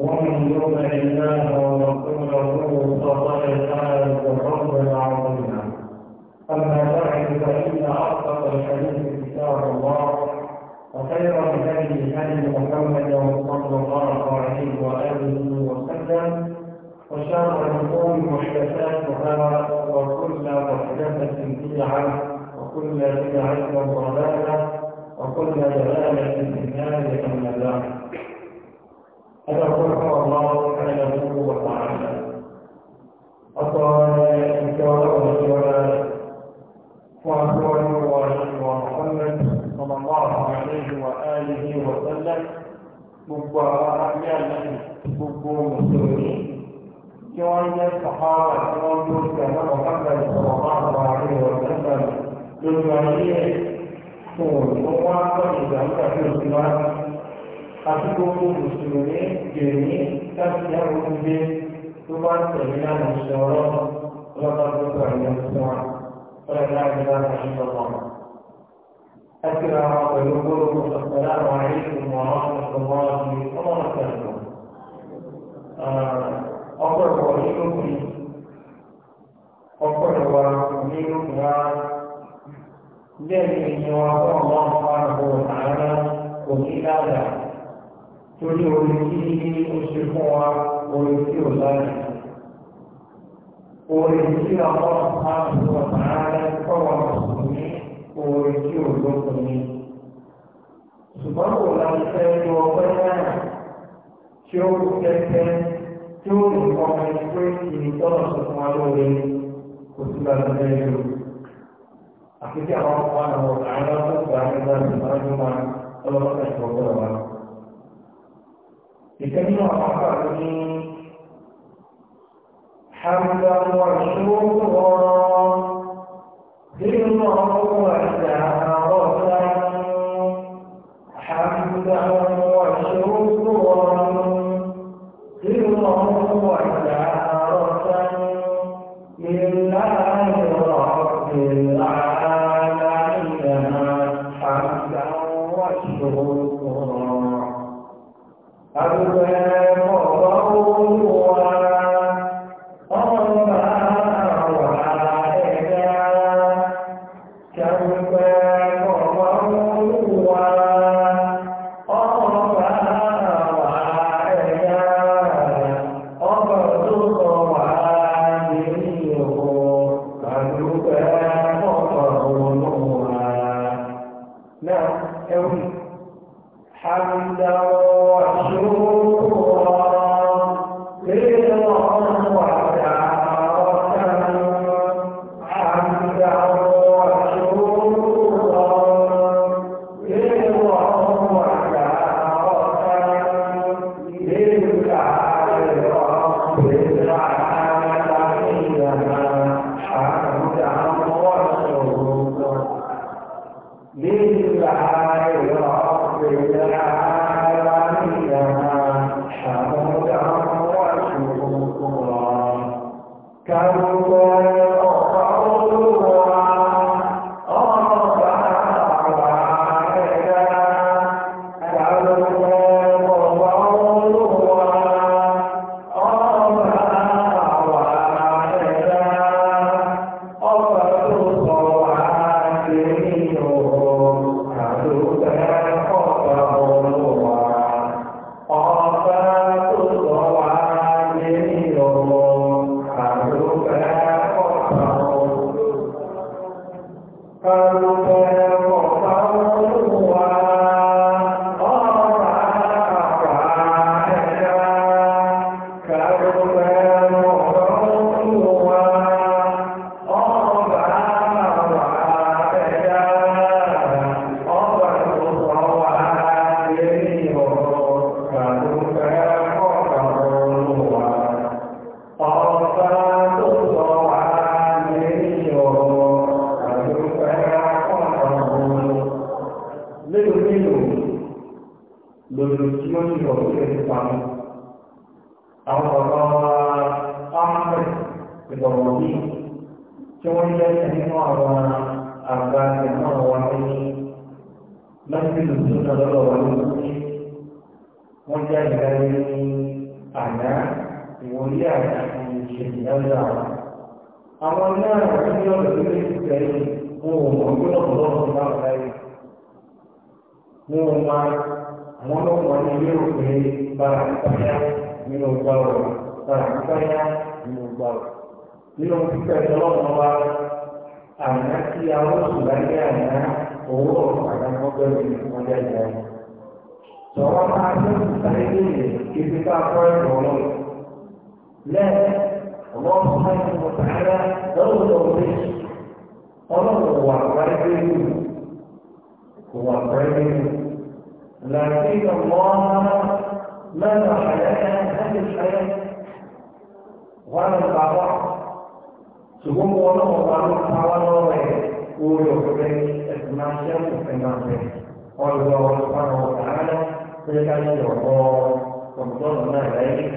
ومن يطع الله ورسوله فقد فاز فوزا عظيما اما بعد فان اصدق الحديث كتاب الله وخير الهدي هدي محمد صلى الله عليه واله وسلم وشر الامور محدثاتها وكل محدثه بدعه وكل بدعه ضلاله وكل ضلاله في النار اما بعد هذا هو الله سبحانه وتعالى أطال إنكاره وجلاله وأخوانه ومحمد صلى الله عليه وآله وسلم gbogbo àwọn abẹ́ àlẹ́ gbogbo mùsùlùmí tí wọ́n jẹ́ sàhárà tí wọ́n tó ti àtàkọ̀ kákàlì sọ̀rọ̀ máa bá àárín ọ̀sẹ̀ sàlẹ̀ lórí ayé ẹ̀ fún òun tó wá sọ̀rọ̀ ìgbà nígbà tí ó ti wá àti gbogbo mùsùlùmí jèrè láti yá ogun gbé tó bá ń tẹ̀lé láti ṣe ọ̀rọ̀ lọ́pàá tó kọ̀ ẹ̀yẹ fún wa ọ̀rẹ́ láti bá a ṣe ọmọ. Akira wa pẹ̀lú gbogbo assalamu alaikum wa rahmatullahi wa barakatuh. Ọkọ̀ ìwọ̀ nínú mi, ọkọ̀ ìwọ̀ nínú mi wá. Bẹ́ẹ̀ni ìyẹn wa fún ọmọ ọmọ àwọn ọmọ àárá kò ní dáadáa torí orin tí ó ṣe fún wa orin tí ó láyé orin tí àwọn àbúrò ààrẹ kọ́wà mùsùlùmí orin tí ó lókun ni ṣùgbọ́n kò láti fẹ́ ní ọgbẹ́ náà tí ó kú kẹ́kẹ́ tí ó lè kọ́ ọmọ ẹgbẹ́ tí ìtọ́nà tó fún wa lóore kò sí láti fẹ́ lò àti àwọn ọmọ àwọn ọ̀gá aláwọ̀ tó gbà nígbà tí wọ́n á ní wọn ọlọ́pàá ìfọ̀gbọ́n wa. ìtẹ́jú àpapà ní حمدا وشكرا ذنبا وسهرة حمدا وشكرا ذنبا وسهرة God àwọn ọlọ́pàá ní ilé òfin bára ìpáyà nínú ọgbà ọ̀rọ̀ bára ìpáyà nínú ọgbà ọ̀rọ̀. nínú pípẹ́ ìtọ́lọ́pàá wa àná tí àwọn oṣù láyé àná owó ọ̀pàdà ọgbẹ́ òní ọjà ìjà yìí. sọ̀rọ̀ máa tó sáré léèrè kí fi bá kọ́ ẹ̀rọ ọlọ́run. lẹ́ẹ̀ ọlọ́run máa ń mọ̀ sáárá lọ́wọ́ لكن الله منع لنا هذه الحياة وأنا الأعضاء سبحان الله وبارك تعالى وبارك ويخرج إسماعيل وإسماعيل قال الله سبحانه وتعالى فلكان يقول رمضان ما عليه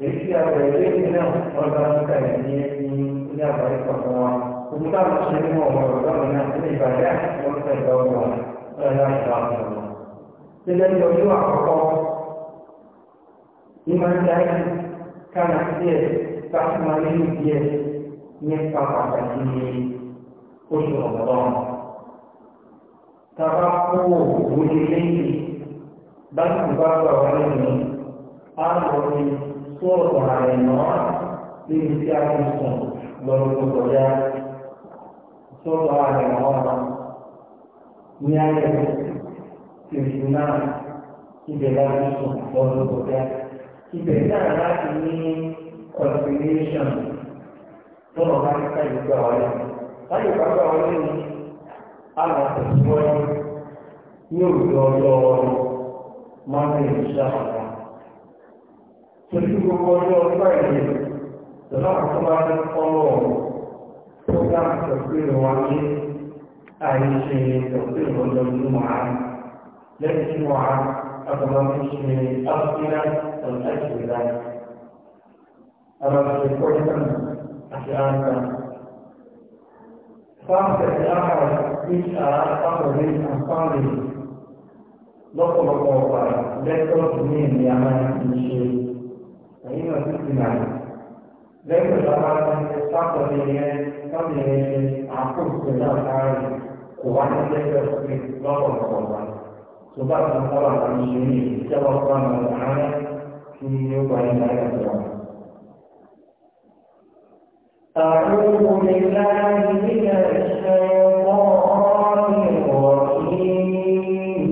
èyí àgbẹ̀lẹ́ ìpínlẹ̀ ọ̀dà ìpínlẹ̀ ní ilé àgbáyé kọ̀ọ̀kan wa òun táwọn ṣe nínú ọmọ ọ̀dọ́ mi náà ní ìbàdí àti ọ̀dọ́ ìgbà ọ̀dọ́ ọ̀dọ́ ìgbà ọ̀dọ́ gẹ́gẹ́ bí ọjọ́ àkọ́kọ́ ní máa ń darí kára díẹ̀ sáfùmá nínú díẹ̀ nípa pàtàkì oṣù ọ̀gbọ́n. Tàbá kó òwò ní lẹ́yìn báńkì bá gbà wá lónìí, á lọ ní sọ́ọ̀tọ̀ ààrẹ náà níbi tí a ti sùn lọ́dún tó kọjá. Sọ́ọ̀tọ̀ ààrẹ náà ní ayẹyẹ tòṣù náà ibẹ̀ láti sùn lọ́dún tó dá ibẹ̀ náà láti ní conciliation tó lọ bá nípa ìgbà wọlé láti bá gbà wọlé ni àwọn àtẹ̀síwájú ní òjò ọjọ́ máa ń lè ṣe àwọn torí gbogbo ọjọ́ fúráìdì lọ́nà tó bá ń fọ́lọ̀ tó bá ń sọ pé wọ́n ní àìṣe ìtọ́sí ìrọ̀lọ́dún máa ń. لكن ليس جمعة أضمنش الأسئلة والأجوبة أما في كل أحيانا صارت الآخر إشعار أمر الأنصار لطل القوة لا تظلم يا من شيء فإن تسمع ليس ضرورة تقضي تقضي عقوبة الأفعال وعن ذلك في لطل القوة سبحان الله عن الجميع توفانا معانا في يوم القيامة أعوذ بالله من الشيطان الرجيم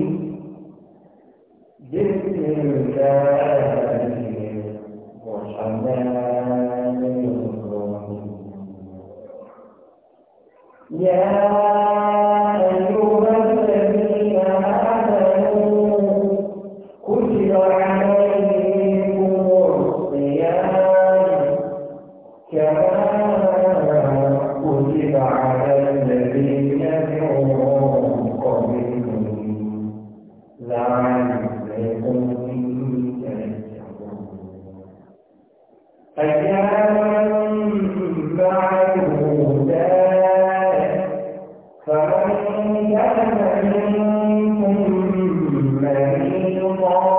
بسم الله الرحمن الرحيم يا فمن كان منكم مريضا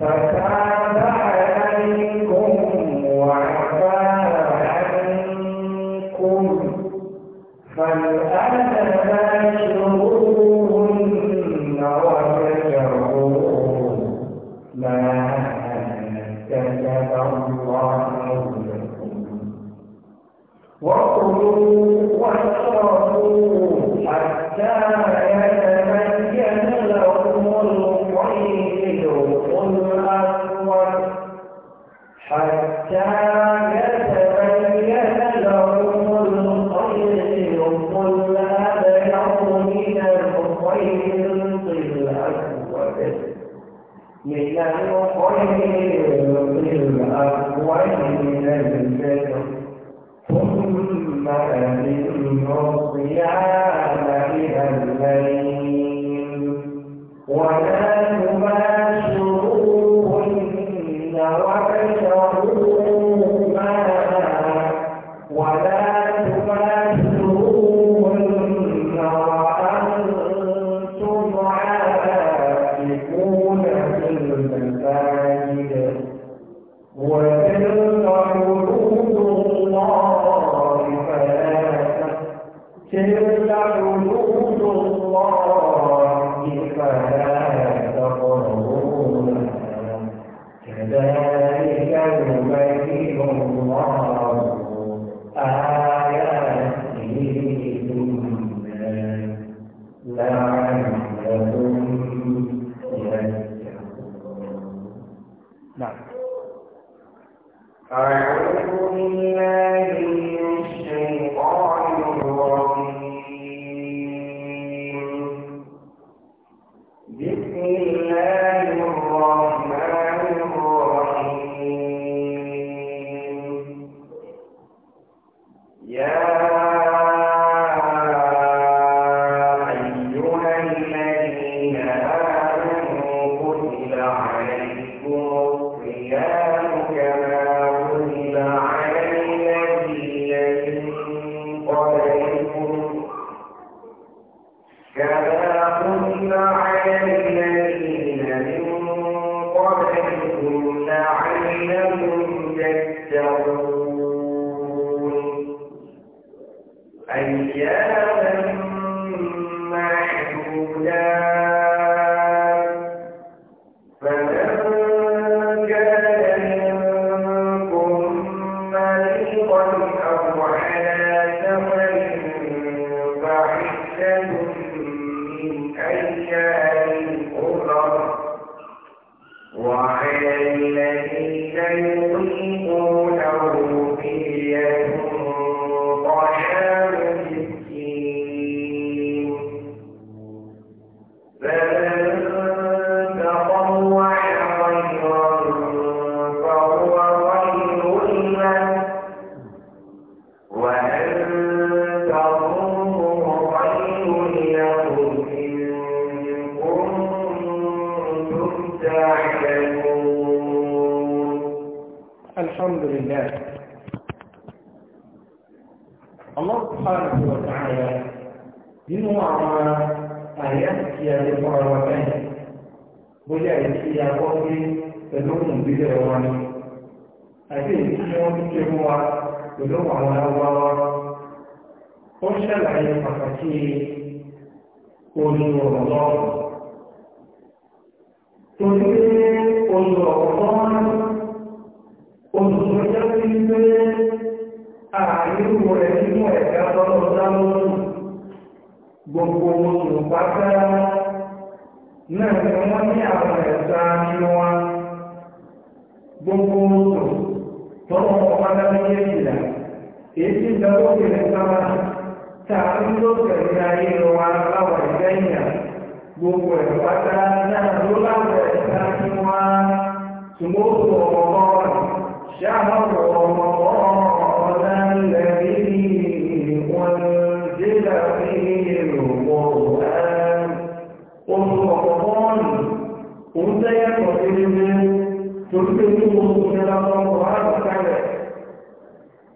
فكان عليكم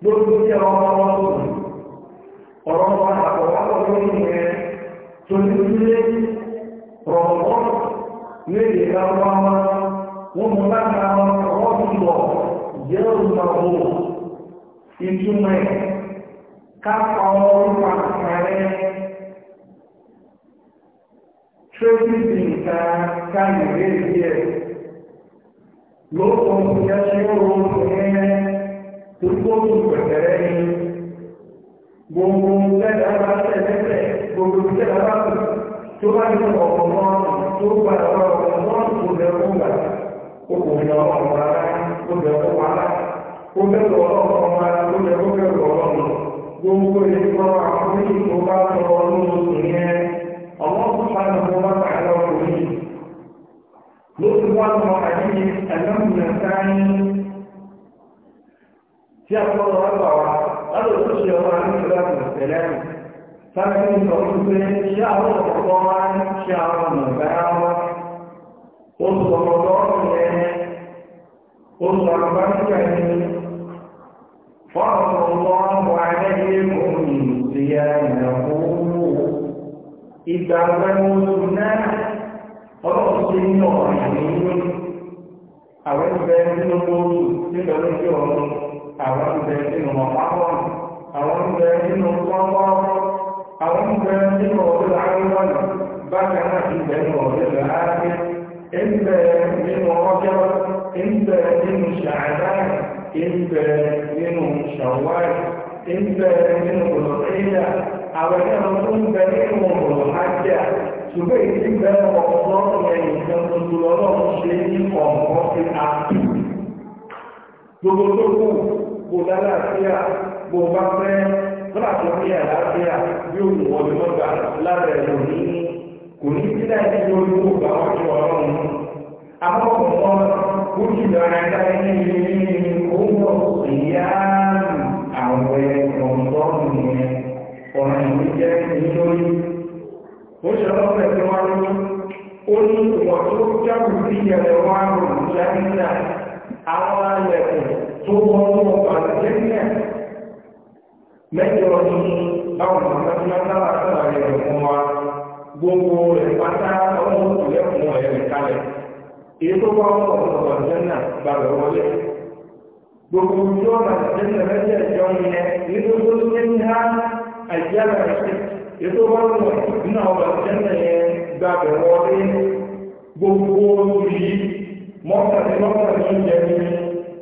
gbogbo tí ọmọ ọmọ tó gbóòmù pẹ̀tẹ̀rẹ́ ni gbogbo lẹ́dàá bá tẹ̀lẹ́tẹ̀ gbogbo tẹ̀lẹ́tẹ̀ bá tù tó bá ní ọ̀pọ̀ náà tó padà wá ọ̀pọ̀ náà tó bẹ̀ fún gbà ó kò ní ọlọ́run rárá ó bẹ̀ fún wa rá ó bẹ̀rù ọlọ́run ọmọ ara ó bẹ̀ fún bẹ̀rù ọlọ́run gbogbo ilé tí wọ́n wà fún yìí tó bá tọ ọdún oṣù yẹn ọlọ́run padà wọ́n bá tà lọ́kùnrin ló ti wá lọ àyè ẹ̀lẹ́mùnà sáyẹn tí a kọ́ lọ wá wá láti òkú ṣe ọmọ àti ìgbàgbọ́ rẹ̀ sáré ní sọ wípé ṣé àwọn ọ̀pọ̀ wá ní ṣe àwọn ọ̀nà ìgbàyà wọn ó ṣe ní ọ̀rọ̀ ìṣẹ̀yìn lónìí àwọn ìgbà ẹni tó lóòrùn nígbà lójú àwọn ń bẹ nínú ọ̀pápọ̀ àwọn ń bẹ nínú pọ́pọ́ àwọn ń bẹ nínú ọ̀dọ́ àríwọ̀nà bákan náà ti bẹ nínú ọ̀dọ́ àárín ń bẹ nínú ọjọ́ ń bẹ nínú ṣàádáì ń bẹ nínú ṣàwáì ń bẹ nínú bọ̀lọ̀kẹ́yà àwọn ẹ̀rọ tó nínú bọ̀lọ̀kájà ṣùgbọ́n ìdí bẹ ọ̀pọ̀ ẹ̀yìn kan tuntun lọ́wọ́ ṣe ní ọ̀pọ̀ ìta gbogbo tó kù kò lára àfíà bó bá fẹ́ fúnà tó ní àlàáfíà bí ó wọ̀ ní mọ́gbà lára ẹ̀rọ ní kò ní sílẹ̀ ní orí kó bá wọn tó ọ̀rọ̀ mú. Àwọn ọmọ ojú ìlànà ẹ̀dá ẹni ní owó ìyá àwọn ọ̀dọ́ nìyẹn ọ̀rọ̀ ìwé jẹ́ nítorí. Ó ṣe lọ́pẹ̀ tí wọ́n ní ó ní ìwọ̀n tó jáwù sí ẹ̀rọ àrùn ìyá nígbà àwọn alẹ̀kùn tó wọnú ọgbà àtẹ́lẹ̀ mẹ́jọ ní báwọn mọ̀tàkùnmáta àtàrà rẹ̀ fún wa gbogbo rẹ̀ pátá ọmọ òkúlẹ̀ fún ẹ̀rẹ̀ kalẹ̀ èyí tó bá wọn ọ̀pọ̀ àtẹ́lẹ̀ bá rẹ̀ wọlé gbogbo ojú ọ̀nà àtẹ́lẹ̀ mẹ́jẹ̀ ìjọ yẹn nínú tó ṣe ń dá àìjára rẹ̀ èyí tó bá wọn nínú ọgbà àtẹ́lẹ̀ yẹn gbà rẹ̀ wọlé gbogbo ojú yìí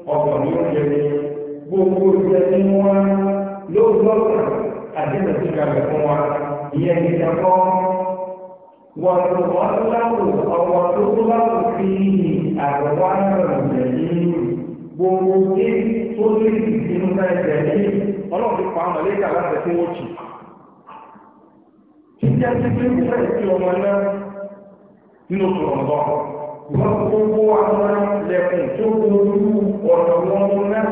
ọkàn ló gbogbo jẹ ní wọn ló lọ́kàn àti ìrètí fún wa ìyẹn ní ìjàpọ̀ wọn ló wọn láwù tó tó láwù ní gbogbo tí tó lè sínú náà jẹ ní ọlọ́run pa àwọn láti fún wọn jù. fẹ́ sí ọmọ náà nínú wọ́n gbogbo àwọn lẹ́kùn tó olú ọ̀nà wọn mú náà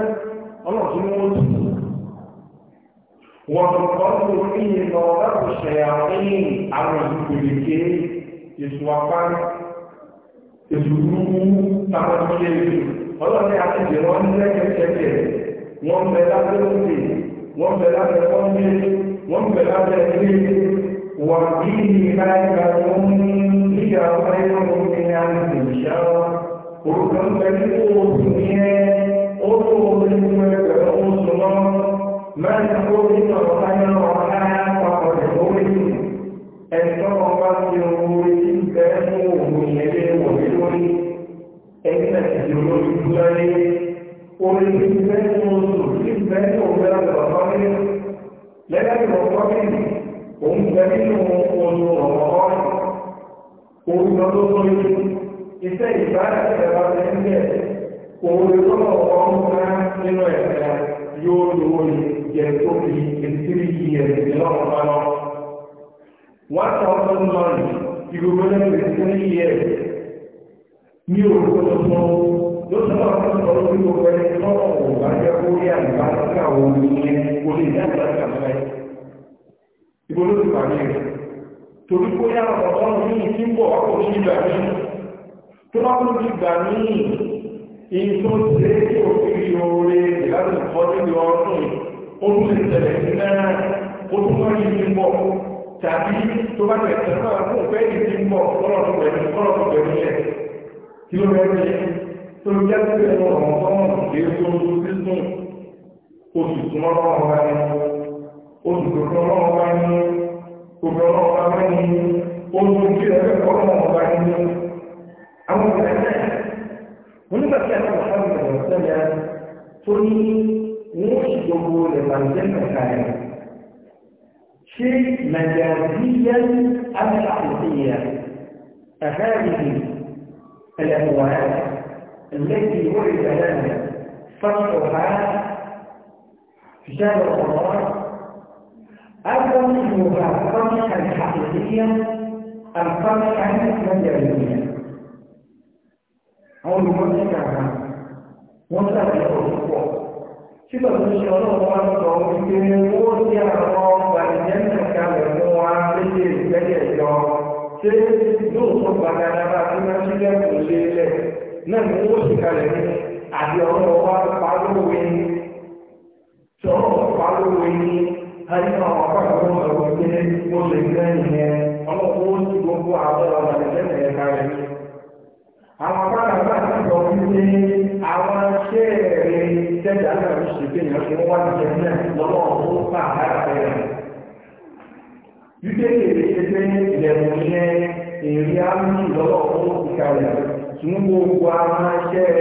ọ̀nà tí wọ́n ti wọ́n tó kọ́ tó fi lọ láti ṣe àfihàn àwọn ìgbèrè kéré èso apárí èso rúrú táwọn tó lé èso ọlọ́ni àti ìdèrò ń lẹ́kẹ̀kẹ̀kẹ̀ wọ́n bẹ̀ lábẹ́ òkè wọ́n bẹ̀ lábẹ́ kọ́ńdé wọ́n bẹ̀ lábẹ́ ilé وفيه ذلك هي خير من ألف شر وكم تلقوا سنين أطول وكأسرا من خلق خيرها فقد خلق أشرفت يقول كانوا يديه بدون أين الجنود إليه قل الإنسان يوسف الإنسان وبلغ الخير لا يبقى òun bẹ nínú oṣù ọ̀rọ̀ orí lọ́dún lórí iṣẹ́ ìbáraẹ̀sẹ̀ bá ti ń bẹ̀ òun lọ́nà ọ̀rọ̀ ńlá nínú ẹ̀ka yóò lówó jẹ tó fi ìtírí yẹ ìlọ́run bá lọ. wọ́n sọ fún lọ́rùn ìgbogbo lẹ́nu ìtírí yẹ ní òkú tuntun ló sọ̀rọ̀ ìbò ló ti pàdé rẹ̀ torí kó yára ọ̀tọ́nù ní ìtí ń bọ̀ wákò ní ìgbà ní tó bá kún ní ìgbà ní ìyí tó ṣe é tí òfin rí oore ìlànà ìfọ́jú ní ọdún ó tún lè tẹ̀lé sí náà ó tún wọ́n ní ìtí ń bọ̀ tàbí tó bá tẹ̀lé tẹ̀lé náà fún òfẹ́ ìtí ń bọ̀ lọ́rọ̀ tó pẹ̀lú ẹ̀ kí ló rẹ̀ ní tó ń jẹ́ pé ọ̀rọ̀ ọ̀tọ́nù kì í tó ń sún oṣù tó mọ́ olùdókòwò ọlọ́wọ́ bá ní òbí ọlọ́wọ́ bá bá ní olùdókòwò ẹgbẹ́ ọlọ́wọ́ bá ní. àwọn ìgbà náà onígbà tí a náà wà sáwọn ìgbà sẹ́lẹ̀ tó ní ní ìjọba rẹ̀ máa ń jẹ́ kàkà rẹ̀. ṣé nàìjíríà àti àkùnfìyà أهذه الأموال التي ولد لنا فتحها في شهر رمضان أيضا المقارنة الحقيقية القرنة المجالية أو المقارنة مطلقة الحقوق sígbà tó ṣe ọlọ́run wá sọ wípé owó tí àwọn gbàdéjẹ́ńtà kalẹ̀ fún wa léde ìgbẹ́jẹ̀ jọ ṣé yóò tó gbàgádà bá tí wọ́n ṣe lẹ́kùn lé lẹ̀ náà ni owó sì kalẹ̀ ní àbí ọlọ́run wá pa lówe sọ̀rọ̀ pa lówe ní nínú àwọn akọ́kọ́ ọ̀rọ̀ wípé mo lè gbẹ́ ìyẹn ọlọ́pọ̀ ó sì gbogbo àwọn ọ̀rọ̀ àdìsẹ́sẹ̀ yẹn kalẹ̀ mi. àwọn akọ́kọ́ àgbà ti sọ wípé àwọn ṣé èrè tẹ́jà náà ń ṣe pé èèyàn ṣe wá ti jẹ lọ́wọ́ tó fà láàbẹ̀ rẹ̀. wípé èrè ṣe pé ìlẹ̀kùn yẹn èrè á ń lọ́wọ́ tó fi kalẹ̀ tún gbogbo àwọn ṣẹ́ èrè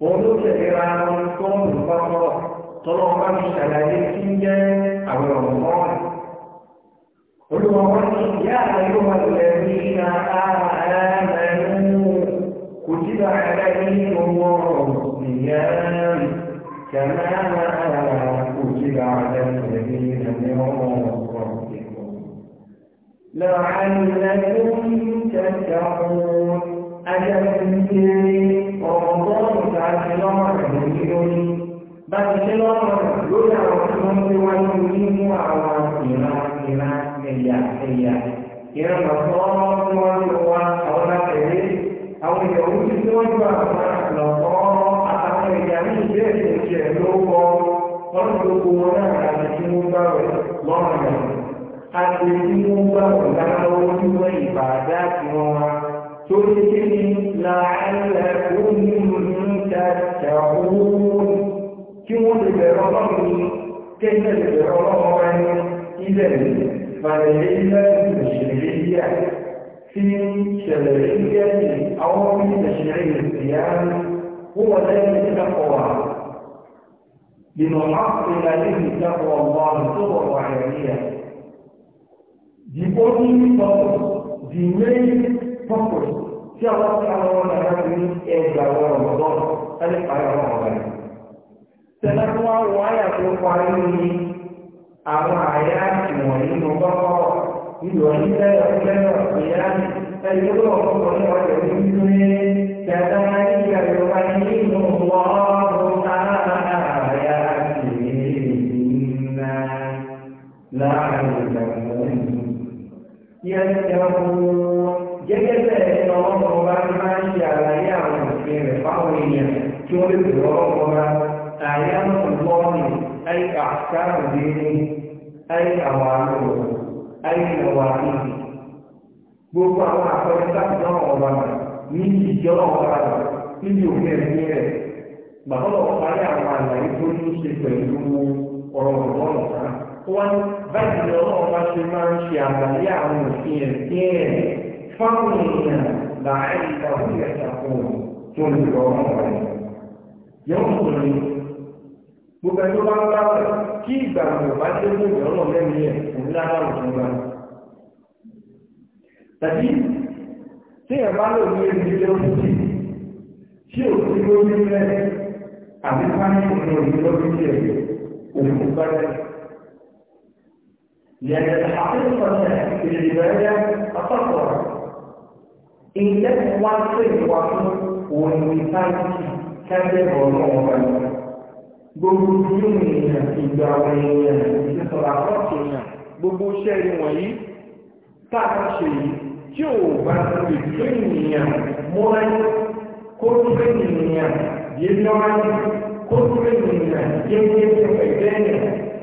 olóṣèlú ra wọn tó ń lù kọ́kọ́rọ̀ tọ́lọ́ bá mi ṣàlàyé kí ń jẹ́ àwọn ọ̀mọ́ràn olùwọ̀n wọn ni ìyá àyẹ̀wò wọn lè rí iná àmàlẹ́nu kò sí àárẹ̀ ní gbogbo ọ̀rọ̀ ìyá كما كتب على الذين من قبلكم لعلكم تتقون ajẹ́síké ọ̀pọ̀lọpọ̀ ìgbà ti lọ́rọ̀ rẹ̀ ní lórí bá ti ṣe lọ́rọ̀ lórí àwọn tí wọ́n gbé wáyé nínú àwọn ìran ìran ẹ̀yà ẹ̀yà ìran lọ́sọ̀ọ́ tí wọ́n lò wá àwọn látẹ̀lé àwọn ìyàwó tí wọ́n gbà wọn lọ́sọ̀ọ́ àtàwọn ẹ̀yà ní ìbéèrè ìṣẹ̀ ló kọ́ wọ́n ló kó wọn náà àti tí wọ́n gbà rẹ̀ lọ́rọ̀ rẹ̀ àti tí wọ́n gbà rẹ̀ lára owó tí wọ́n ìbàdá tí wọ́n wá تلهم لعلكم تتقون كم البرامج كيف البرامج إذا فليس الشرعية في شرعية أو في تشريع القيام هو ذلك التقوى لنحصل به تقوى الله صور وعلانية The only purpose, the purpose tí àwọn tí àwọn ọmọ náà ní ẹgbà wọn ọ̀dọ́ ẹni parí àwọn ọ̀gá yìí. Tẹ̀lé tí wọ́n wọ àyà tó parí ní àwọn àyà ìwọ̀n nínú kọ́kọ́ ìlú ọ̀yìn lẹ́yìn ọ̀gbẹ́ni ọ̀gbẹ́yà ẹni tó lọ́wọ́ kọ́kọ́ ní ọ̀dọ̀ ní ìlú ní tẹ̀lé ní ìyàwó nínú gẹ́gẹ́ bẹ́ẹ̀ ni ọlọ́pàá ọba máa ń ṣe àlàyé àwọn òfin rẹ̀ fáwọn èèyàn tí wọ́n lè bẹ̀rẹ̀ ọlọ́pàá ọba àyà lọ́ọ̀nì ayé àkàrà lẹ́nu ayé àwọn àlọ́ ayé ìwà níbi gbogbo àwọn àpẹẹrẹ láti náà ọba ní ìjọ ọba níbi òfin ẹ̀mí rẹ̀ bàbá ọ̀pá ayé àwọn àlàyé tó ní ṣe pẹ̀lú ọ̀rọ̀ ọ̀gbọ́n ọ̀sán fáwọn èèyàn làáyé ìtàkùn tó lè lọ ọmọ rẹ̀. Yẹ́n gbogbo ẹni bá ń bá kí ìgbà bá dé ní ìwé ọ̀nà lẹ́nu yẹn kò lára òfin wa. Tàbí tí ẹ̀ bá lò ẹni tó tí ò sí lórí rẹ̀ rẹ̀ òfin ilé wá sí ìwà fún òun ní táìsì kẹ́lẹ́ ọ̀rọ̀ ọ̀rọ̀ gbogbo yóò èèyàn ìgbà àwọn èèyàn ìsọ̀rọ̀ àkọ́kì èèyàn gbogbo iṣẹ́ rí wọ̀nyí tá a ṣe yìí tí ò bá ti tó ènìyàn múra kó tó ènìyàn yé lọ́wọ́ kó tó ènìyàn yé yé ẹgbẹ́ yẹn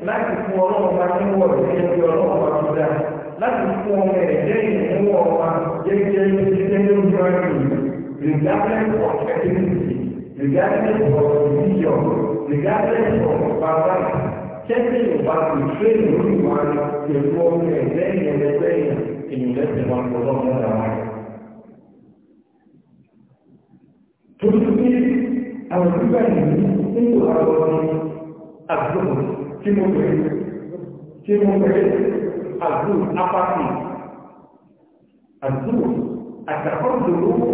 láti fún ọlọ́run bá ní wọ̀ọ̀dù ẹgbẹ́ ọlọ́run bá tó dáa láti fún ọmọ ẹ̀jẹ̀ ìrìnwó ọba jẹ́jẹ́ jẹ́jẹ́ lórí ọ̀rẹ́ yìí regardless of ethnicity regardless of religion regardless of background ṣẹ́jẹ́ ìwà kò ṣe lórí wa pẹ̀lú ọmọ ẹ̀jẹ̀ ìrẹ̀lẹ́gbẹ́ ènìyàn lẹ́sẹ̀ wọn kọ́ lọ́wọ́ dára. Torí pé àwọn ìgbà yìí ń kó àwọn ọmọ àgbọ̀n tí mo bẹ̀rẹ̀ tí الزور أفاقي الزور التقبل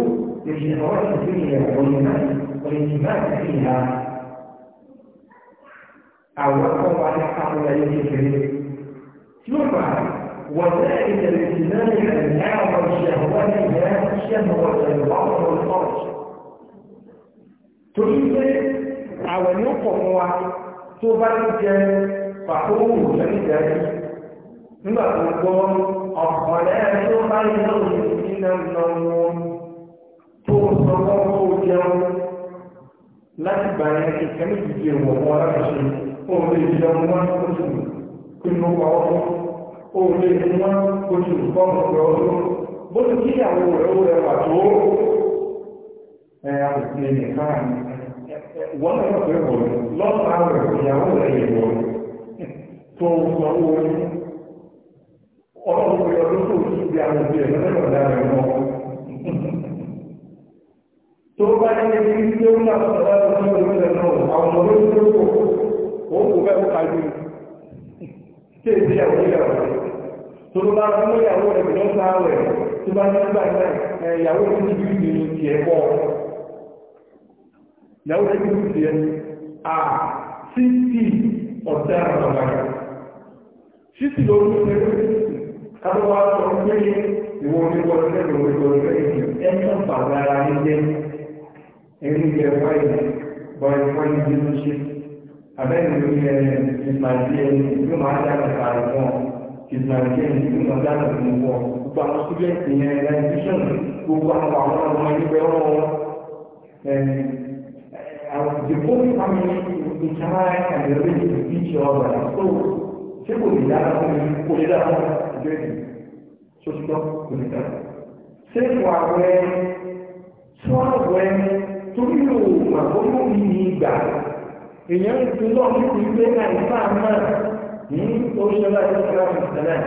لشهوات الدنيا والانتماء فيها أو وقفوا على حق الذي ثم وذلك الانتماء عن أعظم شهواتها شهوة البطن والفرج تريد أو يقوى تبرج فحوم ذلك nígbà tó gbọ́ ọ̀pọ̀lẹ́ tó bá yọ ìdílé lọ́wọ́ tó sọ fún kó jẹun láti gbà yẹn kẹ̀kẹ́ ní ìdílé wọ̀ wọ́n láti ṣe òun lè jẹun wọn oṣù kí ló pa ọdún òun lè jẹun wọn oṣù kọ́mù pé ọdún bó ti kí ìyàwó rẹ̀ ó rẹwà tó ẹ̀ àbùkù ẹ̀yìn káà wọ́n náà yọ̀ pé wọ̀ lọ́sàn-án rẹ̀ ìyàwó rẹ̀ yẹ̀ wọ̀ tó sọ owó ọlọ́run yọ lókò sí ibi àwọn òbí ẹ̀ lọ́dọ̀ dára ẹ̀ tó bá ní ẹni tí ó ń bá sọ láti ọjọ́ ìrìnlẹ̀ náà àwọn ọmọ ló ń tó kò ó kò bẹ́ẹ̀ kó kájú tí èdè ìyàwó ìyàwó rẹ̀ tó ló bá fún ìyàwó rẹ̀ lọ́ sáà rẹ̀ tó bá ní gbà náà ìyàwó rẹ̀ ti bí ìdí ti ẹ̀ bọ̀ ìyàwó rẹ̀ ti bí ìdí ẹ̀ à sí sí ọ̀daràn ọ̀daràn sí káwọn wá sọ pé ìwọ onígbọ ilé ìwọ onígbọ ilé ìlú ẹni ń bà lára ní jẹ ẹni jẹ wáyé bọ́ọ̀lù wáyé bí ó ṣe abẹ́rẹ́ ìlú yẹn ìsìnàjì ẹni yóò máa dára sáré fún ọ ìsìnàjì ẹni yóò máa dára fún ọ gbogbo àwọn sítúdẹ̀ntì yẹn ẹ̀ẹ́dẹ́gbẹ̀sán gbogbo àwọn àwọn ọmọ ẹgbẹ́ wọn the ṣé kò lè dára fún mi? Kò lè dára fún mi àgbẹ̀rẹ̀ sọ́sọ́ òmìnira. Sẹ́kù àwẹ̀ sọ àwẹ̀ torí òògùn àbọ̀mọ́ yìí ní ìgbà. Èèyàn ń tún lọ sí ìgbé àìsá náà ní oríṣiríṣi ìṣẹ́lá ìṣẹ́lẹ̀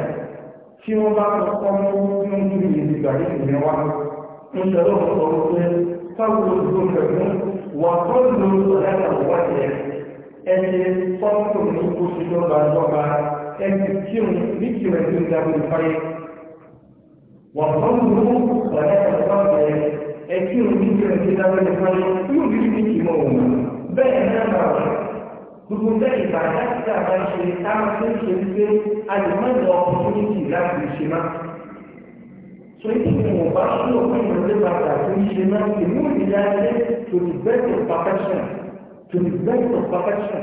tí wọ́n bá kọ́kọ́ mú ní ojú ìgbà ìṣẹ̀lẹ̀ wa. Ń sọ lọ́wọ́ sọ pé káwọn olùdókòwò wà tó lórí ọ̀dà ìwádìí ẹni tọ́kùnrin oṣù lọ́ba lọ́ba ẹni kírun ní kírun ẹni ìdàgbò ìfáyé wọ́n tó ń lò wọ́n lẹ́kọ̀ọ́ tó ń bẹ̀rẹ̀ ẹ kírun ní kírun ẹni ìdàgbò ìfáyé yóò rí ní ìmọ̀ òun bẹ́ẹ̀ náà bá wọ́n gbogbo bẹ́ẹ̀ ìbàdá tí a bá ń ṣe táwọn tó ń ṣe wípé a lè má lọ ọpọlọpọ láti ṣe má. sọ èyí ni mo bá ṣe òfin ìrọ̀lẹ́ bàtà tó ń ṣe má ìmú ìdílé ayé to the best of perfection to the best of perfection.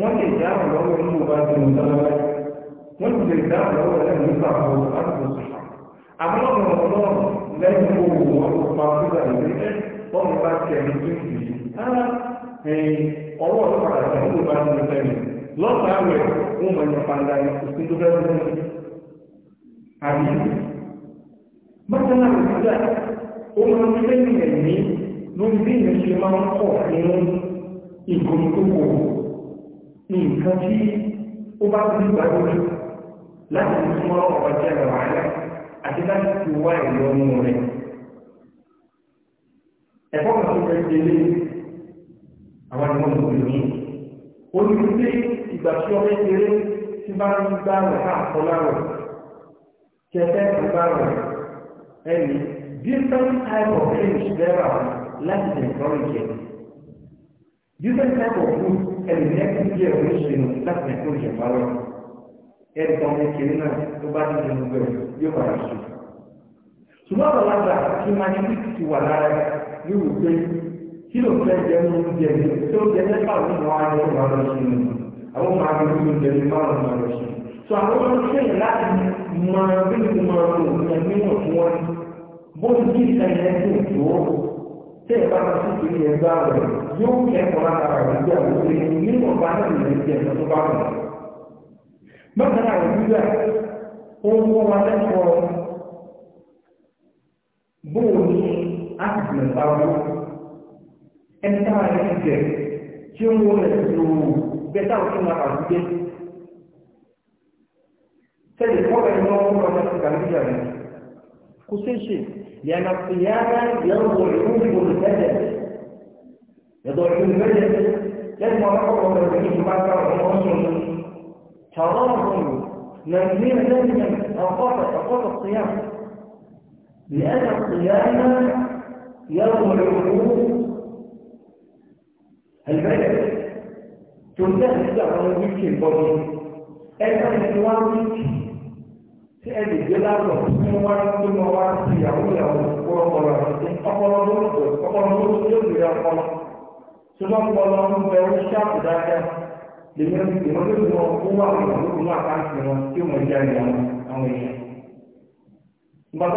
wọ́n lè dáhùn lọ́wọ́ inú bá ti mú sálábá wọ́n sì lè dáhùn lọ́wọ́ ẹ̀ nípa àwọn àtúnṣe àwọn ọ̀nà ọ̀nà lẹ́yìn owó wọn ló pa fúlà ìgbésẹ̀ wọ́n lè bá tẹ̀ ní tó sì yí rárá ọwọ́ ọ̀pàdà tẹ̀ ní bá ti mú sẹ́yìn lọ́sàá rẹ̀ wọ́n mọ̀ ní pàǹdà ìkùsí tó fẹ́ fún mi àbí mọ́tàlá ìgbésẹ̀ ó máa ń lẹ́yìn ẹ̀mí lórí bí ìrìnṣẹ́ máa ń pọ̀ nínú ìgbòmùtòkòwò nǹkan tí ó bá ti gbàgbọ́ jù láti fi mọ́ ọ̀pọ̀ jẹ́ ẹ̀rọ àlá àti láti fi wá ìlú ọmọ rẹ̀. ẹ̀kọ́ kan tó fẹ́ délé àwọn ọmọ ìlú yìí ó ní pé ìgbà tí ọmọ kékeré tí bá ń gbá rẹ̀ náà kọ́ láwọ̀ kẹfẹ́ ń gbá rẹ̀ ẹni different type of things there are láti encourage it different type of food ẹnìyẹn kú díẹ̀ oníṣègùn láti ẹ̀kọ́ ìjẹ̀párọ̀ ẹ̀tọ́ kékeré náà tó bá ti dẹnu bẹ̀rẹ̀ yóò padà sùn. ṣùgbọ́n àgbàlagbà tí máa ní bíkì ti wà lára yóò wò pé kí ló fẹ́ jẹ ní oúnjẹ ní tó jẹ mẹ́fà nínú ayé ọ̀gá lọ sí ni àwọn máa ń gbé oúnjẹ ní márùn-ún lọ sí. sọ àwọn ọmọ tí ẹ bá ti fi ìyẹn gbá rẹ yóò kẹ́kọ̀ọ́ látara rẹ bí àwọn ọmọ ẹni nínú ọba náà lè di ẹ̀sọ́ tó bá wọn. bákan náà rẹ gbígbà ó ń kọ́ lẹ́kọ̀ọ́ bóun ni a ti gbìyànjú bá wọn ẹni táwa yẹn jẹ tí ó ń wọ ẹ̀ tó bẹ́ẹ̀ táwọn tó ń lọ àdúgbò tẹ̀lé kọ́ ẹ̀ lọ́wọ́ lọ́wọ́ كل لأن الصيام يرضع يوم البدن يضع يوم البدن لازم أقرأ من البدن بعد رمضان تراهم لازم لازم أوقات أوقات الصيام لأن الصيام يرضع يوم البدن تنتهي الدعوة ويمشي البدن أنا في tí ẹ lè gbé lálọ tí wọn wá tó lọ wá sí ìyàwó ìyàwó kúrò ọpọlọ àti ọpọlọ ló lọ tí wọn ń bẹ ó ṣáàpù dáadáa lèmi wà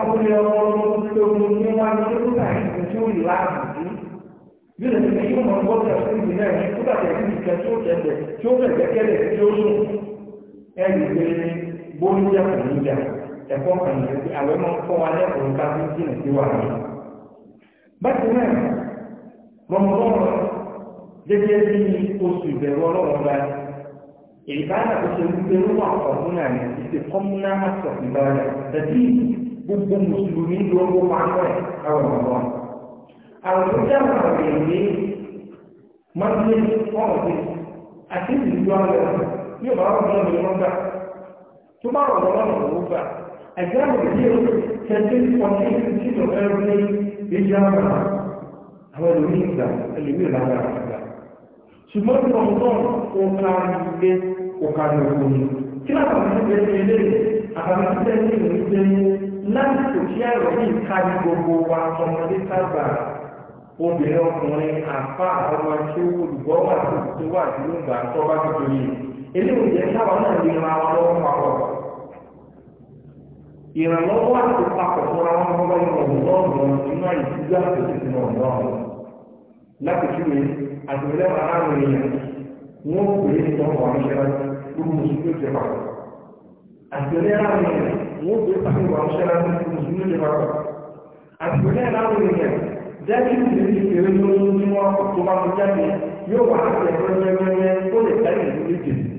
wọn tí wọn bóníjà kò níjà ẹ̀kọ́ kan yẹn pé àwẹ̀ máa ń kọ́ wa lẹ́kọ̀ọ́ ká fi jìnà sí wa ní. bákan náà rọmọlọ́rọ̀ gẹ́gẹ́ bí oṣù ìbẹ̀rù ọlọ́run bá ìbára tó ṣe wípé ló wà ọ̀hún náà ní ìṣe kọ́múná àtọ̀ ìbára tàbí gbogbo mùsùlùmí ló ń wọ́pọ̀ àwọn ẹ̀ àwọn ọ̀rọ̀ àwọn tó jẹ́ àwọn àwọn èèyàn máa àti ìlú àwọn yóò bá wọn lọ́wọ́ Tomorrow, the one of Uber. And that will deal sentence for him to every Bijama. Àwọn ìlú ìgbà, ẹlùmí ìlànà àgbà. Ṣùgbọ́n ní ọ̀pọ̀ ọ̀ka ilé, ọ̀ka ìlú ni. Kí láwọn ọmọ ìgbẹ́ ní ilé, àbámi títẹ́ ní ìlú ìgbẹ́ ní láti kò kí ẹ̀rọ ní ìka ní gbogbo wa ọmọdé sábà obìnrin ọkùnrin àfáà ọmọ tí ó wùdùbọ́ wà tó wà nínú ìgbà tó bá tó yìí ilé ìjẹ́ sábà náà di ìran lọ́wọ́ papọ̀ ìrànlọ́wọ́ àti papọ̀ fúnra wọn lọ́wọ́ ìrànlọ́wọ́ inú àyè tí ó yàtọ̀ sí ìrànlọ́wọ́ lọ́wọ́ lápẹ̀júwe àtìlẹ́wọ̀n aráàlú èèyàn wọ́n pè é ìtàn wà ní ṣẹlẹ̀ lórí mùsùlùmí ti papọ̀ àtìlẹ́wọ̀n aráàlú èèyàn wọ́n pè é pàṣẹ wà ní ṣẹlẹ̀ lórí mùsùlùmí ti papọ̀ àtìlẹ́wọ̀n jẹ́kí ìdílé ìrẹ́lẹ́ lórí wọn tó bá mú jáde yóò wà á tẹ̀ wẹ́wẹ́wẹ́ tó lè tẹ́lẹ̀ lórí jèjì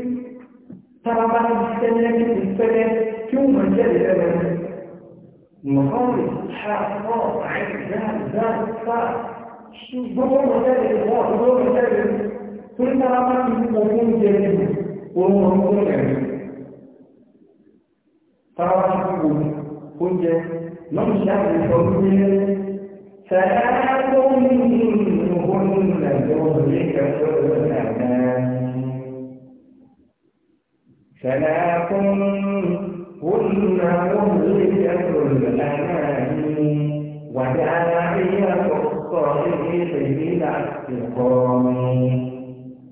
tára bá ti sẹ́lẹ̀ ní ìpẹ́lẹ̀ kí ó mọ̀ jẹ́ ìrẹ́rẹ́ rẹ̀. Mọ̀kànlẹ̀ ṣàkọ́ àìdáadáa ṣùgbọ́n mọ̀ jẹ́ ìwọ̀ ọ̀dọ́ mọ̀ jẹ́ rẹ̀ tó ń tára bá ti mọ̀ fún jẹ́ rẹ̀ òun mọ̀ fún rẹ̀ rẹ̀. Tára bá ti wò oúnjẹ lọ́nà ìṣàkóso sọ wípé sàárà tó ń mú ìrìn òun lẹ́jọ́ ìrìn ìkẹ́kọ̀ọ́ ثلاث هن مهلكة الأنام وداعية الصحيح بلا استقام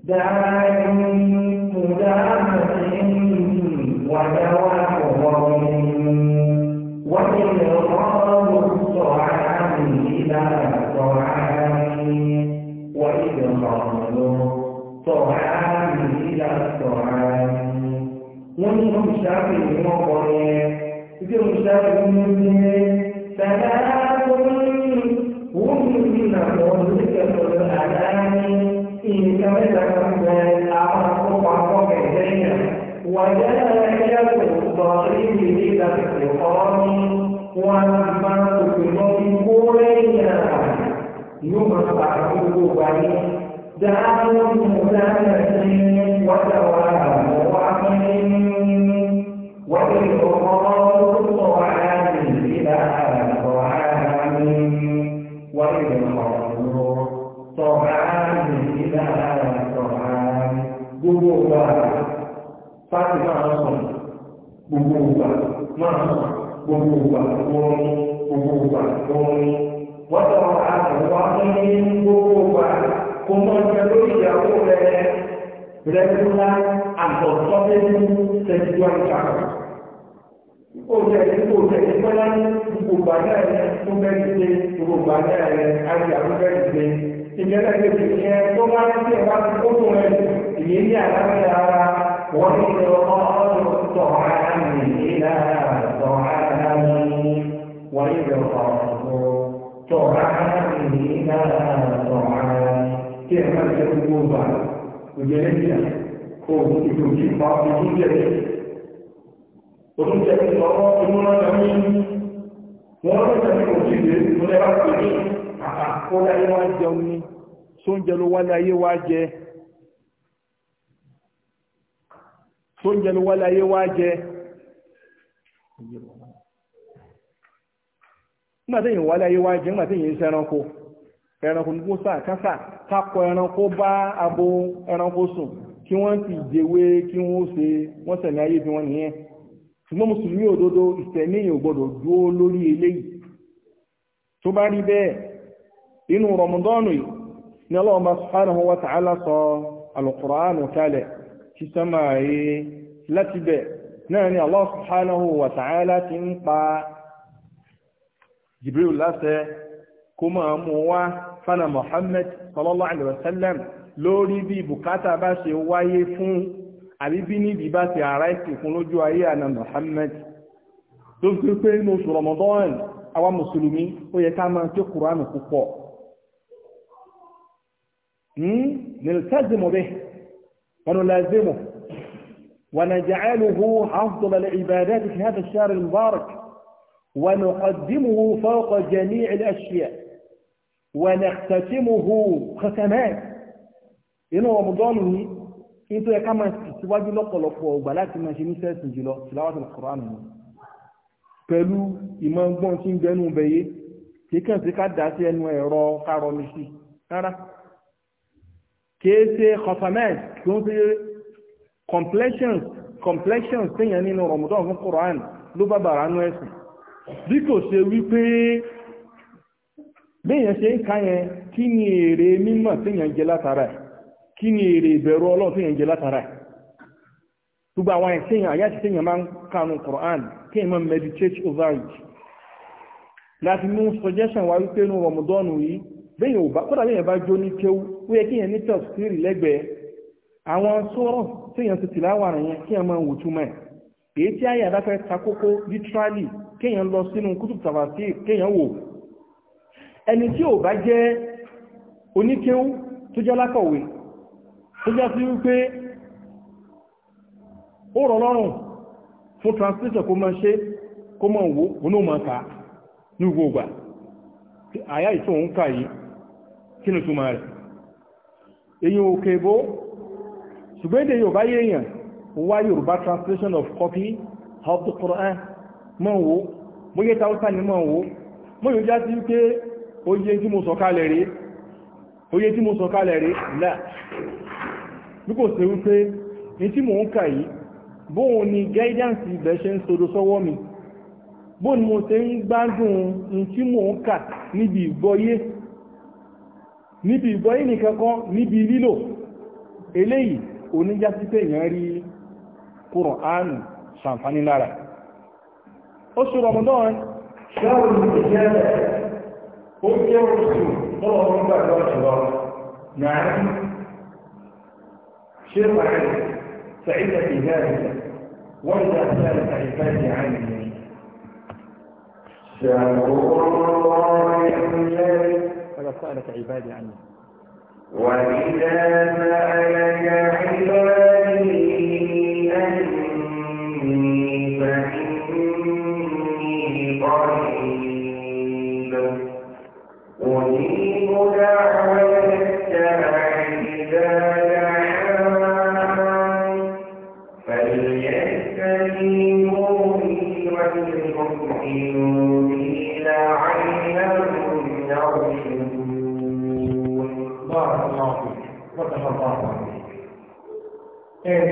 داع مدامة ودواء وإضرار الطعام إلى طعام وإدخال الطعام إلى الطعام wọ́n ní wọ́n ṣáàbì ní wọ́n kọ́ yẹn ibi wọ́n ṣáàbì ní yẹn tàbá tó ní wọ́n ní ní nàbọ̀ lórí kẹfọ́lọ́ àdáni ìyẹn mẹ́ta kan bẹ àwọn akọ́kọ́ akọ́kọ́ ẹ̀dẹ́yà wàjá ẹ̀yà kò tọ́ ibi ní ìdàkẹ̀kẹ̀ ọ́ọ́ni wọ́n á máa tòkè lọ́ọ́ ní kó lẹ́yìn yóò máa pàrọ̀ دعوا مسامحين وتواهوا وعقلين وبالأخرى الطعام إلى طعام وبالخمر طعام إلى طعام بوبا فاتما أصلا بوبا ما بوبا بوبا بوبا بوبا وتواهوا وعقلين بوبا kò mọ ọjọ́ lórí ìyàwó rẹ̀ regular and observable sexual channel. Ó jẹ́ ìdíkò jẹ́ ìpẹ́lá ní gbogbo ìgbà náà ní tó bẹ́ẹ̀ ti ṣe gbogbo ìgbà náà rẹ̀ àti àwọn bẹ́ẹ̀ ti ṣe. Ìjẹ́lẹ̀ ti fi ṣe tó bá ń ṣe wá sí kókó rẹ̀ ìyẹn ní àlàáfíà ara wọ́n ní lọ ọ̀ọ́dún tọ̀ ara mi ìlà ara mi tí ẹ máa jẹ gbogbo ọba òjẹlẹjà kó ìdòjì pa ojújẹ ojújẹ lọ́wọ́ ìmúná tàbí wọn lọ tàbí òjìlẹ lọlẹ bá pè ní àkọlá ayé wá jẹun ní sóúnjẹ ló wálé ayé wá jẹ sóúnjẹ ló wálé ẹranko ní kó sà kásà kápọ̀ ẹranko bá abo ẹranko sùn kí wọ́n ti jẹ̀wé kí wọ́n ṣe wọ́n sẹ̀mí ayé bí wọ́n nìyẹn ṣùgbọ́n mùsùlùmí òdodo ìsẹ̀míyàn gbọ́dọ̀ dúró lórí eléyìí tó bá rí bẹ́ẹ̀ inú rọmọdọ́nù yìí ni ọlọ́run bá subhanahu wa ta'ala sọ alùkùránù kalẹ̀ sí sánmà ayé láti bẹ̀ náà ni Allah subhanahu wa ta'ala ti ń pa Jibril láṣẹ kuma mú wá fana Muhammad sallallahu alaihi wasallam lórí bí bùkátà bá ṣe wáyé fún àbí bí ni bi bá ṣe ara ẹ̀sìn fún lójú ayé àna Muhammad tó fi pé inú oṣù Ramadan àwa muslimi ó yẹ ká ma ti qur'an máa ké Kùránù púpọ̀ نلتزم به ونلازمه ونجعله أفضل العبادات في هذا الشهر المبارك ونقدمه فوق جميع الأشياء wẹ̀lẹ̀kẹ̀tìmùhù kẹsẹ̀mẹ́ inú ọmọdọ́nù ní in tó yẹ ká máa síwájú lọ́pọ̀lọpọ̀ ọgbà láti máa ṣe ní sẹ́ẹ̀sìn jùlọ síláwàtí kọ̀ránù ní pẹ̀lú ìmọ̀ ọgbọ́n tí ń bẹnu bẹ̀yẹ kíkàn sí ká dá sí ẹnu ẹ̀rọ kárọ mi sí rárá kìí ṣe kọsẹ̀mẹ́ tó ń ṣe complexions complexions téèyàn nínú ọmọdọ́nù fún kọ̀ránù ló bá bàrà nú ẹ̀sìn bí kò ṣe wípé béèyàn ṣe ń ká yẹn kí ni èrè mímọ̀ téèyàn jẹ látara ẹ̀ kí ni èrè ìbẹ̀rù ọlọ́run téèyàn jẹ látara ẹ̀ gbogbo àwọn ẹ̀sẹ̀yàn àyàtì téèyàn máa ń kanu Quran kéèyàn máa meditate over it láti mú suggestion wá wípé inú rọmọdọ́nù yìí béèyàn ò bá kódà béèyàn bá jó ní kéwú ó yẹ ní lẹ́gbẹ̀ẹ́ àwọn ti tìláwà rẹ̀ yẹn máa wò túmọ̀ èyí tí takókó ẹni tí ò bá jẹ́ oníkéwú tó jẹ́ lákọ̀wé tó jẹ́ sí wípé ó rọ̀ lọ́rùn fún translator kó máa ṣe kó máa wò òun ó máa kà ní gbogbo àyá ìtò òun kà yìí kí ni túmọ̀ rẹ̀ èyí òkè bó ṣùgbọ́n èdè Yorùbá yéèyàn wá Yorùbá translation of copy of the Quran máa wò bóyá táwọn sáà ní máa wò mọ́ yóò já sí wípé oye tí mo sọ̀kalẹ̀ rí oye tí rí náà bí kò se wípé ní tí mò ń kà yìí bóun ni guidance ibẹ̀ ṣe ń sodo sọ́wọ́ mi bóun ni mo ṣe ń gbádùn ní tí mò ń kà níbi ìgbọ́yé níbi ìgbọ́yé nìkan kan níbi lílò eléyìí oníjásí pé èèyàn rí Kùránì ṣàǹfàní lára oṣù Ramadan ṣáà قلت يوم الخشوع طلب من بعد ذلك العبارة نعم شرط عليه فعلة في ذلك وإذا سالت عبادي عن اليمين شهر الله الذي فإذا عبادي وإذا سألك عبادي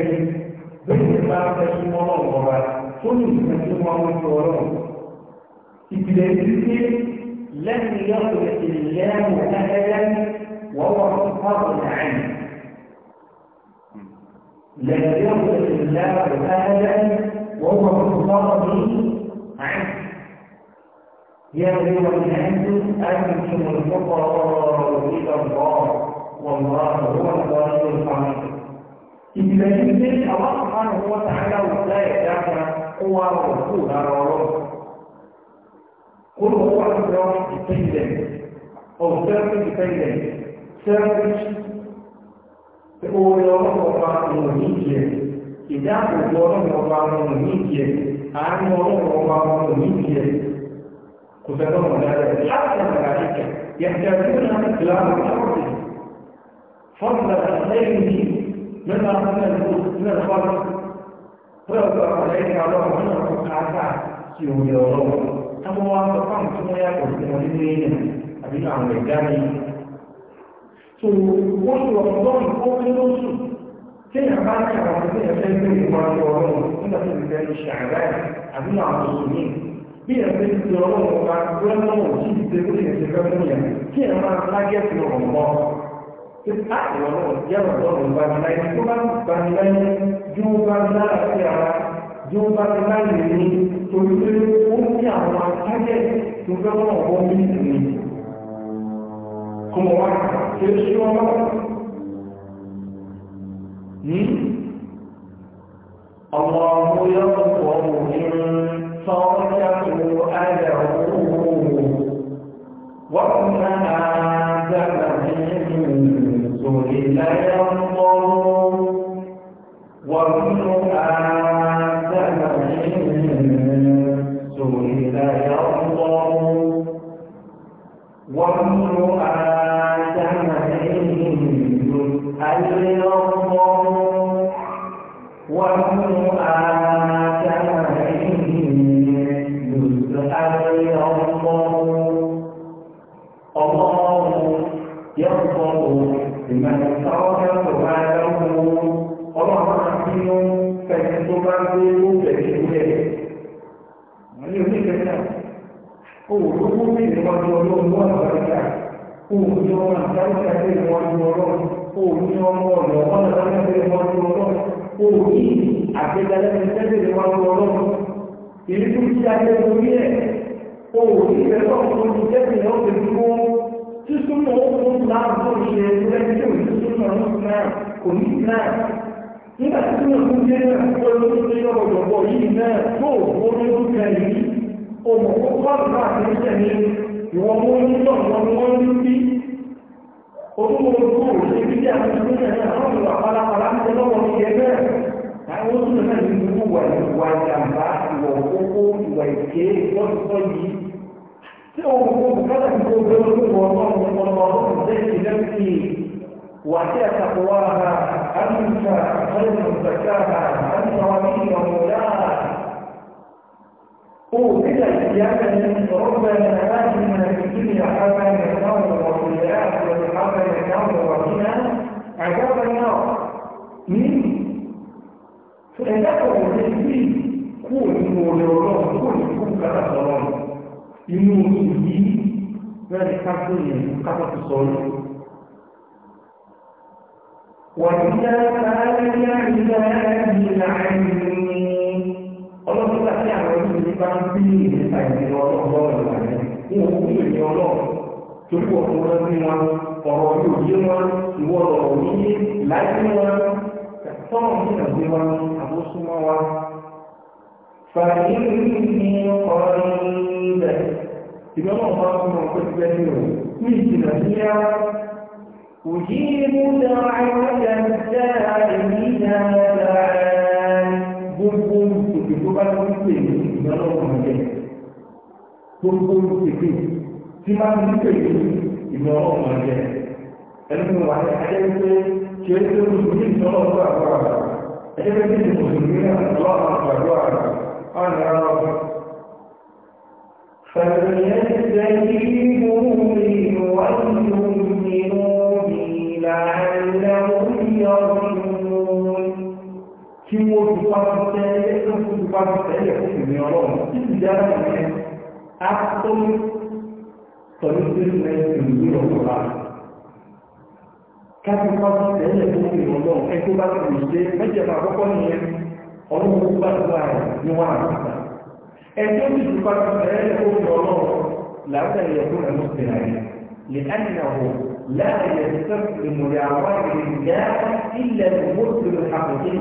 ẹni bẹ́ẹ̀ ni máa fẹ́ sí wọn náà wọ́n wa tó ní ìfẹ́ sí wọn wọn tó ọ̀rọ̀ ìpìlẹ̀ títí lẹ́nu yọ̀ọ̀rọ̀ ìlẹ̀ mọ̀tẹ́lẹ́ wọ́n wọ́n tó pààrọ̀ láàyè lẹ́nu yọ̀ọ̀rọ̀ ìlẹ̀ mọ̀tẹ́lẹ́ wọ́n wọ́n tó pààrọ̀ láàyè يا أيها الناس أنتم الفقراء إلى الله والله هو الغني الحميد ìdílé àwọn àkàrà wọn tààlà òkúta ẹ̀dá kan ó wà òkú lára ọlọ́run kó ló wà lọ ìpínlẹ̀ ọ̀sẹ̀rẹ̀ ìpínlẹ̀ sẹ́rẹ̀ orí ọlọ́run ọba ìwọ̀n ní ìjẹ ìdáàbòbò ọlọ́run ọba ìwọ̀n ní ìjẹ àánú ọlọ́run ọba ìwọ̀n ní ìjẹ kò sẹ́kọ̀ọ́ mọ̀lá rẹ̀ láti ọ̀gá ìkẹ̀ yẹ̀kẹ̀ tó náà ti láàrín fọ́nà àtẹ́yìn مما قبل الوجود من الخلق فيطلق عليك الله منه سبحانه سيوم يوم أما وافقان ثم يقول لمدينين أبي عن ميداني تو وصل رمضان فوق الوصول كيف بعد عملية شايفين مرة ورمضان هنا في مكان الشعبان أبي عن المسلمين bí ẹgbẹ́ ti ọlọ́run ọba lọ́nà òjì ìdẹ́gbẹ́ ìṣẹ́gbẹ́ mú yẹn kí ẹ máa lágẹ́ fi rọ̀ mọ́ Kita orang yang berkorban lain itu kan bantuan jumlah darah jumpa dengan ini tuntun punya orang saja juga mau bumi ini. Kemudian sesuatu hmm? Allah yaqbalu min sadaqatu ajruhu wa kana عذاب من سوء لا ينظر òwòlówó ní ìwájú ọlọ́run wọ́n àbáríkà òwòlí ọmọ àbáríkà ní ìwájú ọlọ́run òwòlí ọmọ ọ̀dọ̀ wọ́n ní ìwájú ọlọ́run òwòlí àgbégalẹ́ ní sẹ́lẹ̀ ìwájú ọlọ́run ìrìkú tí a lè lórí ẹ̀ òwòlí ìrẹ́lọ́ òun ti tẹ́sí ẹ̀ ó ti dúró sísúnmọ́ òun láàbò ṣe lẹ́yìn nígbà tí wọ́n ń gbé náà ó yìí náà tó òun ló ń kẹ́ yìí ọmọ púpọ̀ náà ní ìṣẹ̀lẹ̀ ìwọ̀n mú ní ọ̀nà ni wọ́n ní bí orúkọ orúkọ òṣèlú bí i àwọn ìṣẹ̀lẹ̀ náà wọ́n lọ àpárapàá ní ọlọ́wọ́ ní ẹgbẹ́ àwọn oṣù náà ní gbogbo wà ní ìwà ìjàmbá ìwà òkókó ìwà ìké ìtọ́sọ́ yìí tí ó wù kó bùkátà ní gbogbo orúkọ ọlọ́run ọmọ ọlọ́run jẹ́ ìlẹ́sì وأتيت تقواها أنت خير زكاها أنت وليها مولاها قول إلى سيادة ربنا آتنا في الدنيا حسنة وفي الآخرة حسنة وقنا عذاب النار من فإنه الذي كل نور الله كل كل كلام ينور به ذلك الدنيا كما تصلي وإذا سألنا عبادي عني ọlọ́run nígbà tí àwọn ẹbí mi bá ń bí ìrìnà ìrìn ọlọ́run rẹ̀ ní òkú ìrìn ọlọ́run torí ọ̀pọ̀ wọn sí wọn ọ̀rọ̀ yóò yé wọn ìwọ ọ̀rọ̀ yíyé láyé wọn tọ́lọ̀ ní ìrìnàjò wọn àbóṣúmọ́ wa. fàyẹ̀lì ní ọ̀rọ̀ ilẹ̀ ìgbọ́n bá fún wọn pé bẹ́ẹ̀ ni o ní ìjìnà sí yá òyìnbó dáhùn ẹ̀jẹ̀ dáhùn ẹ̀jẹ̀ dáhùn gbogbo ìpèsè tó bá lọ wípé ní ìgbàlọ́ ọ̀gbọ̀n gbogbo ìpèsè tí bá ń wípé ní ìgbàlọ́ ọ̀gbọ̀n ẹni wà ní ajẹ́ wípé kí ẹ tó ní ìtọ́lọ́ tó àgbọ̀ àgbà ẹjẹ́ pé kí ni mùsùlùmí náà lọ́ àwọn àgbàdo àgbà wọn ni ara وليؤمنوا بي لعلهم يرجعون kí wọ́n tó bá ti tẹ́lẹ̀ tó tó bá ti tẹ́lẹ̀ fún ìmì ọlọ́run tí ti dára ìyẹn á tó ní tọ́lú tó ní ẹ̀sìn ìlú ọ̀pọ̀ bá káàkiri bá ti tẹ́lẹ̀ fún ìmì ọlọ́run ẹ tó bá ti lè ṣe mẹ́jẹ̀mọ́ àkọ́kọ́ nìyẹn ọlọ́run tó bá ti wà ní wọn àgbà ẹ tó ti tó bá ti tẹ́lẹ̀ fún ìmì ọlọ́run làwọn ẹ̀yẹ fún ẹ̀mú tẹ̀lẹ̀ lẹ́yìn لا يستسلم لعوائل الله إلا المسلم الحقيقي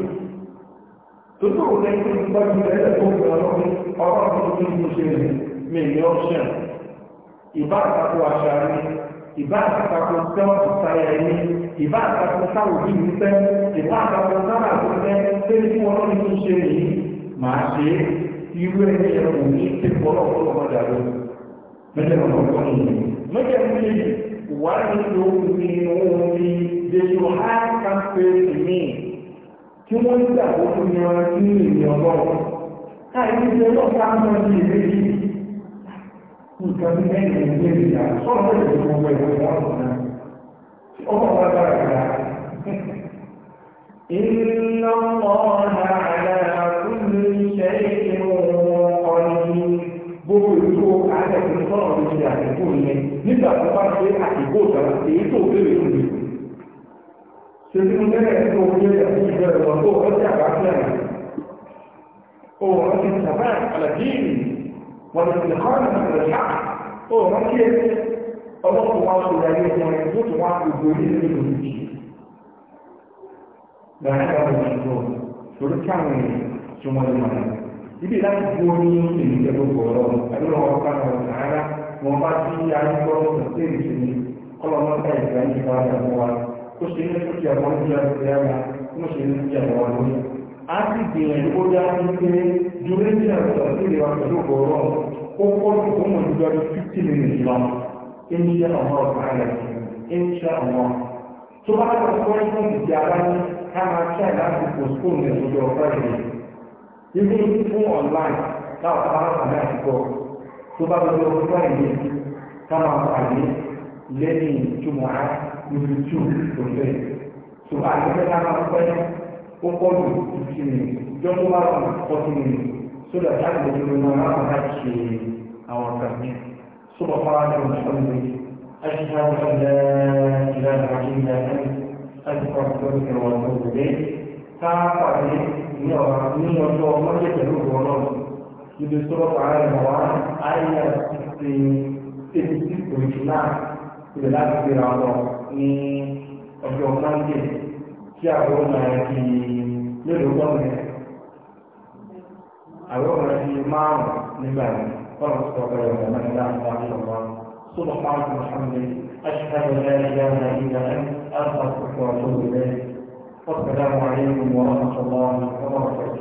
Tudo o que ele pode dizer é comprando obras do mundo dele, melhor chance. E vai para o achar, e vai para o céu que sai aí, e vai para o ouvindo, e vai para o salário, se ele for o mundo dele, mas se o ele é o mundo, se for o mundo dele, mas ele não pode ir. Mas ele diz, وَأَنْتُمْ مِنْهُمْ بِالْحَاكَ فِي tí wọ́n gbà tó fún mi ọ̀rọ̀ sí èmi ọlọ́run káàkiri ṣe lọ́ọ̀ta ń lọ sí ilé yìí nǹkan bí lẹ́yìn ilé ìyá sọ́ọ̀tọ̀ ìlú gbogbo ìlú ìdáhùn náà ọkọ̀ bá bára ìyá. إن الله على كل شيء قدير gbogbo ìlú àtẹ̀kùn sọ̀rọ̀ ìṣẹ̀lẹ̀ àtẹ̀kùn yẹn nígbà tó bá ṣe àtìkò ìṣẹ̀lẹ̀ èyí tó bẹ̀rẹ̀ fún mi. Ṣètìmú tẹ́lẹ̀ tó wọlé ẹ̀sìn ìbẹ̀rẹ̀ wọn tó ọjọ́ àbáfẹ́ rẹ̀. Ó wọ́n ti sàbá àlàdíìrì wọ́n ti kọ́nà àlàdíà. Ó wọ́n kí ẹ ọlọ́pọ̀ wá sọ ìyá ilé wọn tó tún wá gbogbo ilé nínú ìlú. Bẹ̀rẹ̀ ká wọ́n ti lọ torí kí àwọn èèyàn tún wọ́n lè mọ̀ náà. Ibi láti gbó ní ìlú ìjẹ́ gbogbo ọ̀rọ̀ àdúrà wọn bá wọn sàárà wọn bá sí ayé kọ́ kó ṣe ní kúkì àwọn oúnjẹ àti àmà kó ṣe ní kúkì àwọn àlóyìn a ti gbìyànjú ó dá ní pé duration ọ̀sán sí ìwà pẹ̀lú ọ̀rọ̀ ó kọ́ sí tó mọ̀ nígbà tó fifty minutes lọ insha Allah ọ̀sán rẹ̀ insha Allah tó bá lọ sọ ẹgbẹ́ ìdí ara ní ká ibi fún online láwọn bá àmì àtìkọ tó bá lọ sọ ọ̀pá ìrìn ká máa pàdé lẹ́yìn ìtumọ̀ ara níbi tí o tó bẹ́ẹ̀. tó a yẹ kẹ́kẹ́ máa pẹ́ ó pọ̀ ju fifty minutes ìjọ tó bá wà forty minutes so that that lè fi wọn máa wà láti ṣe àwọn kan ní. so bàbá wa ní ọjọ́ ìwé أشهد أن لا إله إلا أنت أستغفرك وأتوب إليك káàpàdé ní ọ̀rọ̀ ní ọjọ́ mọ́jẹ̀ pẹ̀lú ọ̀rọ̀ náà níbi sọ́rọ̀ pàrọ̀ ìmọ̀wá àìyá ti ṣe eighty six point nine ìrẹ̀ láti fi ra ọ̀rọ̀ ní ọjọ́ mọ́ndé tí àwọn máa di mélòó gbọ́nà àwọn máa di márùn nígbà fọ́nà tó kọ́ ẹ̀rọ ìgbà náà láàrín àwọn ọmọ سبحانك وبحمدك أشهد أن لا إله إلا أنت أستغفرك وأتوب إليك والسلام عليكم ورحمة الله وبركاته